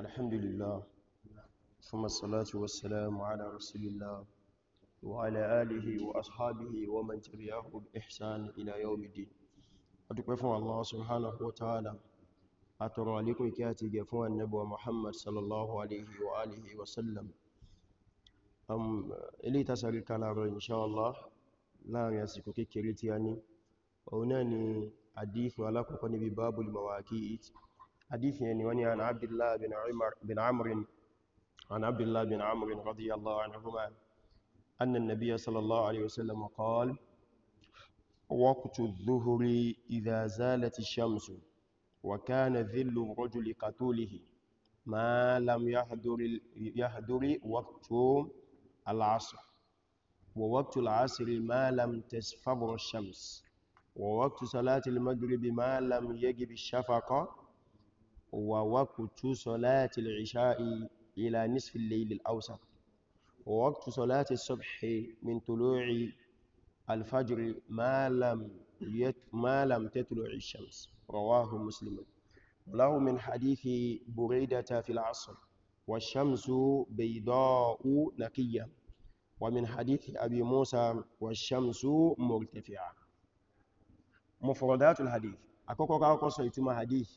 الحمد لله ثم الصلاة والسلام على رسول الله وعلى آله وأصحابه ومن تبعه بإحسان إلى يوم الدين أتكفون الله سبحانه وتعالى أترى لكم كاتي جفون النبوة محمد صلى الله عليه وآله وسلم أم إلي تسأل الكلام إن شاء الله لا يسكو كيكريتياني أو ناني حديث ولا كوكوني بباب المواكيت حديث يعني وني عن عبد الله بن عمر بن عمرو عن عبد الله بن عمرو رضي الله عنهما أن النبي صلى الله عليه وسلم قال وقت الظهر إذا زالت الشمس وكان ذل الرجل قتوله ما لم يحضر, يحضر وقت العصر ووقت العصر ما لم تسفر الشمس ووقت صلاة المغرب ما لم يجب الشفقة ووقت صلاة العشاء إلى نصف الليل الأوسط ووقت صلاة الصبح من طلوع الفجر ما لم يت... ما لم تطلع الشمس رواه مسلم له من حديث بريدة في العصر والشمس بيضاء نقية ومن حديث أبي موسى والشمس مرتفعة مفردات الحديث أكوكو كاكو سيتم حديث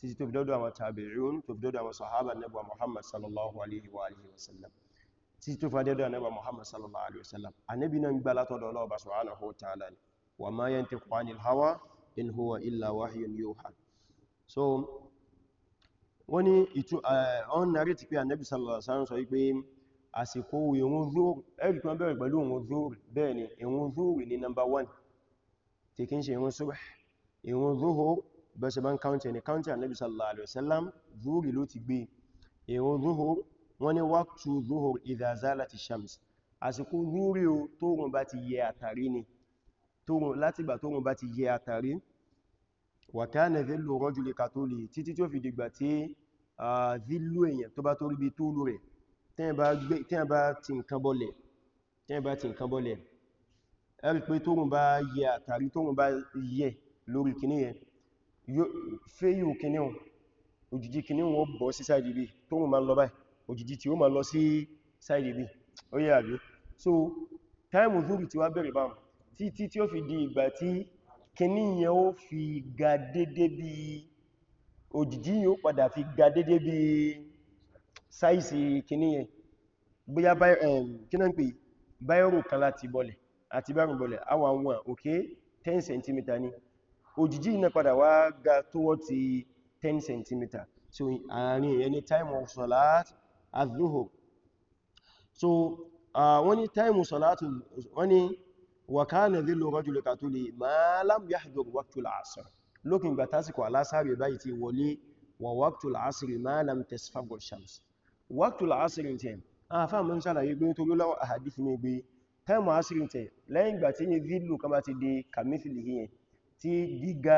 títí tó fi dọ́dọ̀ àwọn tabi'un tó fi dọ́dọ̀ àwọn sahaba nẹ́bà muhammad sallallahu alaihi wa alihi wasallam títí tó fi dọ́dọ̀ nẹ́bà muhammad sallallahu alaihi wasallam anẹ́bì náà gbá látọ̀dọ̀ ọlọ́ọ̀bá subhanahu wa so wọ́n ni ìtú ọ̀n narí ti pé anẹ́bì sallallahu alaihi wasallam sọ wípé àsìkò ìrun zuhur ẹ̀rì kan bẹ̀rẹ̀ pẹ̀lú ìrun zuhur bẹ́ẹ̀ ni bẹ́ ṣe bá ń káúntì ẹni káúntì ànábì sallallahu alaihi wasallam zuhuri ló ti gbé ìrun zuhur wọ́n ní waqtu zuhur idha zalati shams àsìkò zuhuri o tóòrùn bá ti yẹ àtàrí ni látìgbà tóòrùn bá ti yẹ àtàrí wa kana dhillu rajuli katoli títí tí ó fi dìgbà tí zílù èèyàn tó bá tó rí bí tóòlù rẹ̀ tẹ́yàn bá ti nǹkan bọ́lẹ̀ ẹ̀rí pé tóòrùn bá yẹ àtàrí tóòrùn bá yẹ lórí kìníyàn fẹ́yìn kìníhùn òjìjì kìníhùn wọ́n bọ́ sí side b tó mú ma lọ báyìí òjìjì tí ó ma lọ sí side b ó yẹ àbí so táìmù zúrì tí wá bẹ̀rẹ̀ báwọn títí tí ó fi di ìgbà tí kìní ó fi ga dédé bí òjìjì yóò padà fi ga dédé bí sáìsì kìní yẹn bóyá kí náà ń pè báyọ̀rù kan láti bọ́lẹ̀ àti báyọ̀rù bọ́lẹ̀ àwọn àwọn òkè 10 cm ni òjìjí iná padà wá ga toward ti 10 cm so àárín ẹni time of salat az so wọ́n ní time salat wọ́n ní wa kana dhillu rajuli katuli ma lam yahdur waqtul asr lókin gbà tásìkò alásàrí báyìí ti wọlé wa waqtul asr ma lam tasfaghu shams waqtul asr time a fa mọ́ sálàyé gbé tó lọ́wọ́ àhàdìsí ní gbé time asr time lẹ́yìn gbà tí ní dhillu kama ti di kamithlihi yẹn tí gíga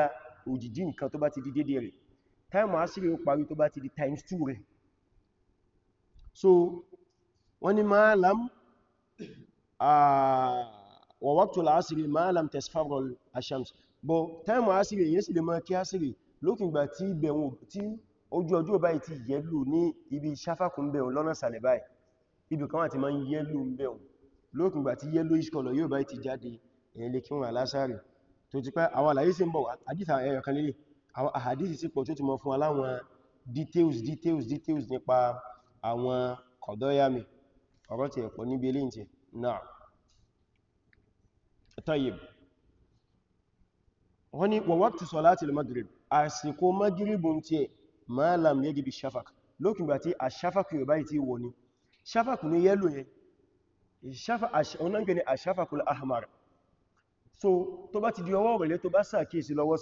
òjìjí nǹkan tó bá ti di dédé rẹ̀ time asiri ó parí tó bá ti di times 2 rẹ̀ so wọ́n ni máa lam wa waqtul asiri máa lam tesfarol ashams bó time asiri èyí sì lè máa kí asiri lókìngbà tí bẹ̀wọ̀n tí ojú ọjọ́ báyìí ti yẹ́lò ní ibi sáfàkùn bẹ̀wọ̀n lọ́nà sàlẹ̀ báyìí ibi kan àti máa ń yẹ́lò bẹ̀wọ̀n lókìngbà tí yẹ́lò ìṣkọlọ̀ yóò báyìí ti jáde èyí tó ti pẹ́ àwọn àlàyé sí ń bọ̀ àdísà ẹyọ kan lélẹ̀ àwọn àhàdísì sí pọ̀ tó ti mọ̀ fún aláwọn details details details nípa àwọn kọ̀dọ́yàmì ọ̀rọ̀ ti ẹ̀pọ̀ níbi ilé ìtì náà tayyib wọ́n ni waqtu salatil maghrib àsìkò maghrib ń tí ẹ̀ máa lam yẹ́gì bí shafak lókùngbà tí a shafak yóò báyìí tí wọ ni shafak ní yẹ́lò yẹ onáńgbẹ̀ ni a shafakul ahmar so tó bá ti di ọwọ́ rẹ̀lẹ́ tó bá sàkíyèsí lọ́wọ́